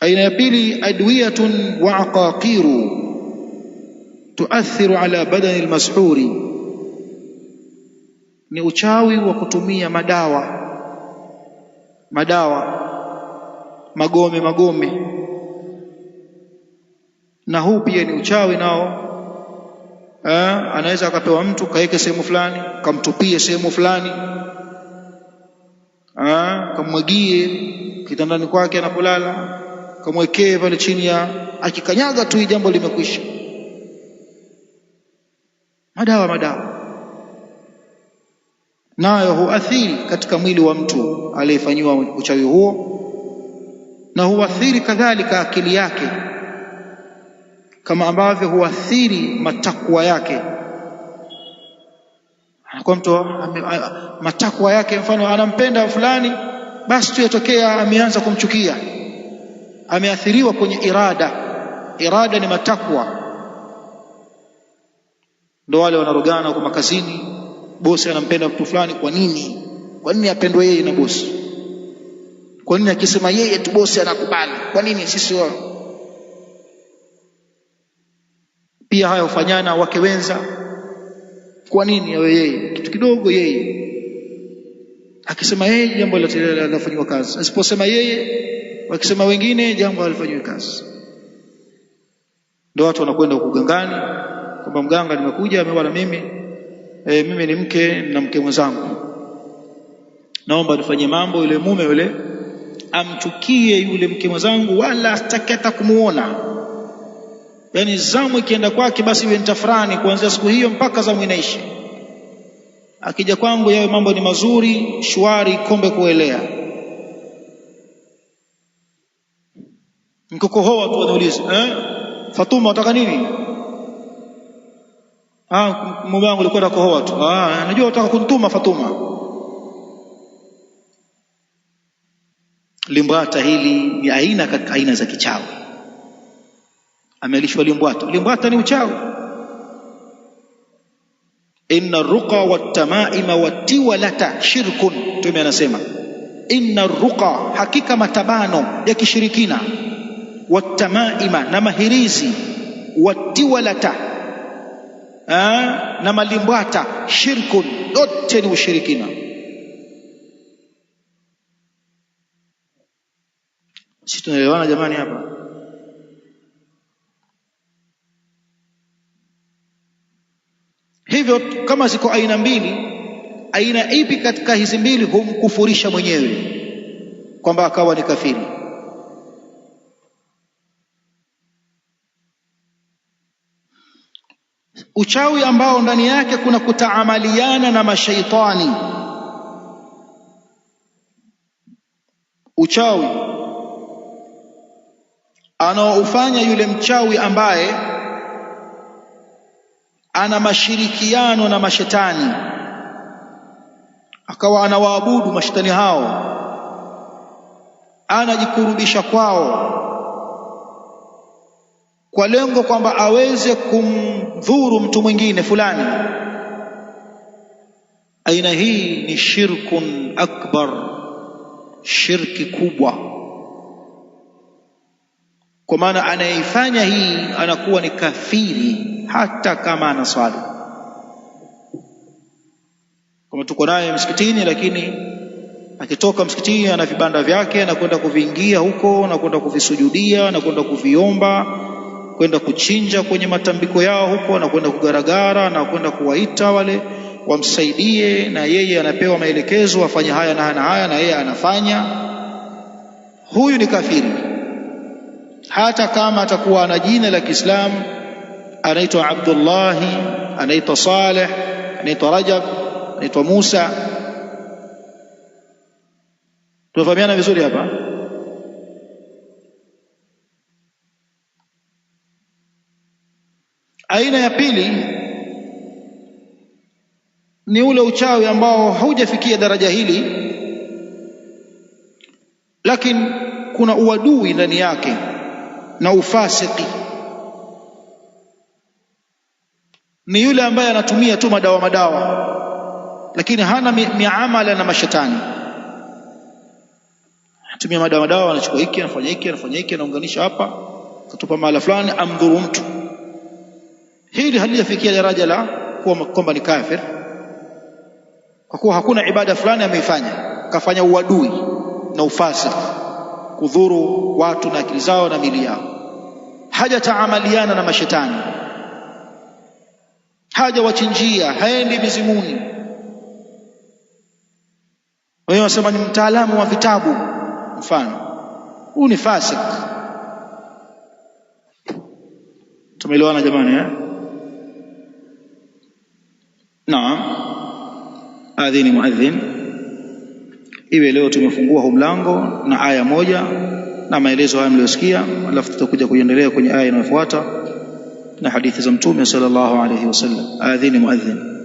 Aina ya pili, adwiyatun wa aqaqiru tuathiru ala badani almashuri, ni uchawi wa kutumia madawa madawa magome magome, na huu pia ni uchawi nao. Ha, anaweza akapewa mtu kaweke sehemu fulani, kamtupie sehemu fulani, kamwagie kitandani kwake anapolala kamwekee pale chini ya akikanyaga tu, hii jambo limekwisha. Madawa madawa nayo huathiri katika mwili wa mtu aliyefanyiwa uchawi huo, na huathiri kadhalika akili yake, kama ambavyo huathiri matakwa yake. Anakuwa mtu matakwa yake, mfano anampenda fulani, basi tu yatokea ameanza kumchukia ameathiriwa kwenye irada. Irada ni matakwa, ndo wale wanarogana huko makazini. Bosi anampenda mtu fulani, kwa nini? Kwa nini apendwe yeye na bosi? Kwa nini akisema yeye tu bosi anakubali? Kwa nini sisi wao? Pia haya hufanyana wake wenza. Kwa nini awe yeye kitu kidogo? Yeye akisema yeye, jambo linafanyiwa kazi, asiposema yeye wakisema wengine jambo halifanywi kazi, ndio watu wanakwenda huko kwamba mganga nimekuja amebana mimi e, mimi ni mke na mke mwenzangu, naomba nifanye mambo. Yule mume yule amchukie yule mke mwenzangu, wala hataki hata kumuona, Yani zamu ikienda kwake basi iwe nitafurani kuanzia siku hiyo mpaka zamu inaishi. Akija kwangu yawe mambo ni mazuri, shwari, kombe kuelea Mkikohoa tu wanauliza eh, Fatuma unataka nini? Ah, mume wangu alikuwa anakohoa tu. Ah, najua unataka kuntuma Fatuma. Limbwata hili ni aina katika aina za kichawi. Amelishwa limbwata. Limbwata ni uchawi. Inna ruqa watamaima watiwalata shirkun. Mtume anasema inna ruqa, hakika matabano ya kishirikina watamaima, na mahirizi, watiwalata na malimbwata, shirkun, yote ni ushirikina. Si tunaelewana jamani hapa? Hivyo kama ziko aina mbili, aina ipi katika hizi mbili humkufurisha mwenyewe kwamba akawa ni kafiri? uchawi ambao ndani yake kuna kutaamaliana na mashaitani. Uchawi anaoufanya yule mchawi ambaye ana mashirikiano na mashetani, akawa anawaabudu mashetani hao, anajikurubisha kwao kwa lengo kwamba aweze kumdhuru mtu mwingine fulani. Aina hii ni shirkun akbar, shirki kubwa, kwa maana anayeifanya hii anakuwa ni kafiri, hata kama anaswali. Kama tuko naye msikitini, lakini akitoka msikitini ana vibanda vyake, anakwenda kuviingia huko, anakwenda kuvisujudia, anakwenda kuviomba kwenda kuchinja kwenye matambiko yao huko na kwenda kugaragara na kwenda kuwaita wale wamsaidie, na yeye anapewa maelekezo afanye haya na na haya, na yeye anafanya. Huyu ni kafiri, hata kama atakuwa ana jina la Kiislamu, anaitwa Abdullahi, anaitwa Saleh, anaitwa Rajab, anaitwa Musa. Tunafahamiana vizuri hapa Aina ya pili ni ule uchawi ambao haujafikia daraja hili, lakini kuna uadui ndani yake na ufasiki. Ni yule ambaye anatumia tu madawa madawa, lakini hana miamala na mashetani. Anatumia madawa madawa, anachukua hiki, anafanya hiki, anafanya hiki, anaunganisha hapa, katupa mahala fulani, amdhuru mtu hili halijafikia daraja la kuwa kwamba ni kafir, kwa kuwa hakuna ibada fulani ameifanya, kafanya uadui na ufasa, kudhuru watu na akili zao na mili yao, hajataamaliana na mashetani, hajawachinjia, haendi mizimuni. Wenyewe wasema ni mtaalamu wa vitabu. Mfano, huu ni fasik. Tumeelewana jamani eh? Naam, adhini muadhin. Iwe leo tumefungua huu mlango na aya moja na maelezo haya mliyosikia, alafu tutakuja kuendelea kwenye aya inayofuata na hadithi za Mtume sallallahu alayhi wasallam. Adhini muadhin.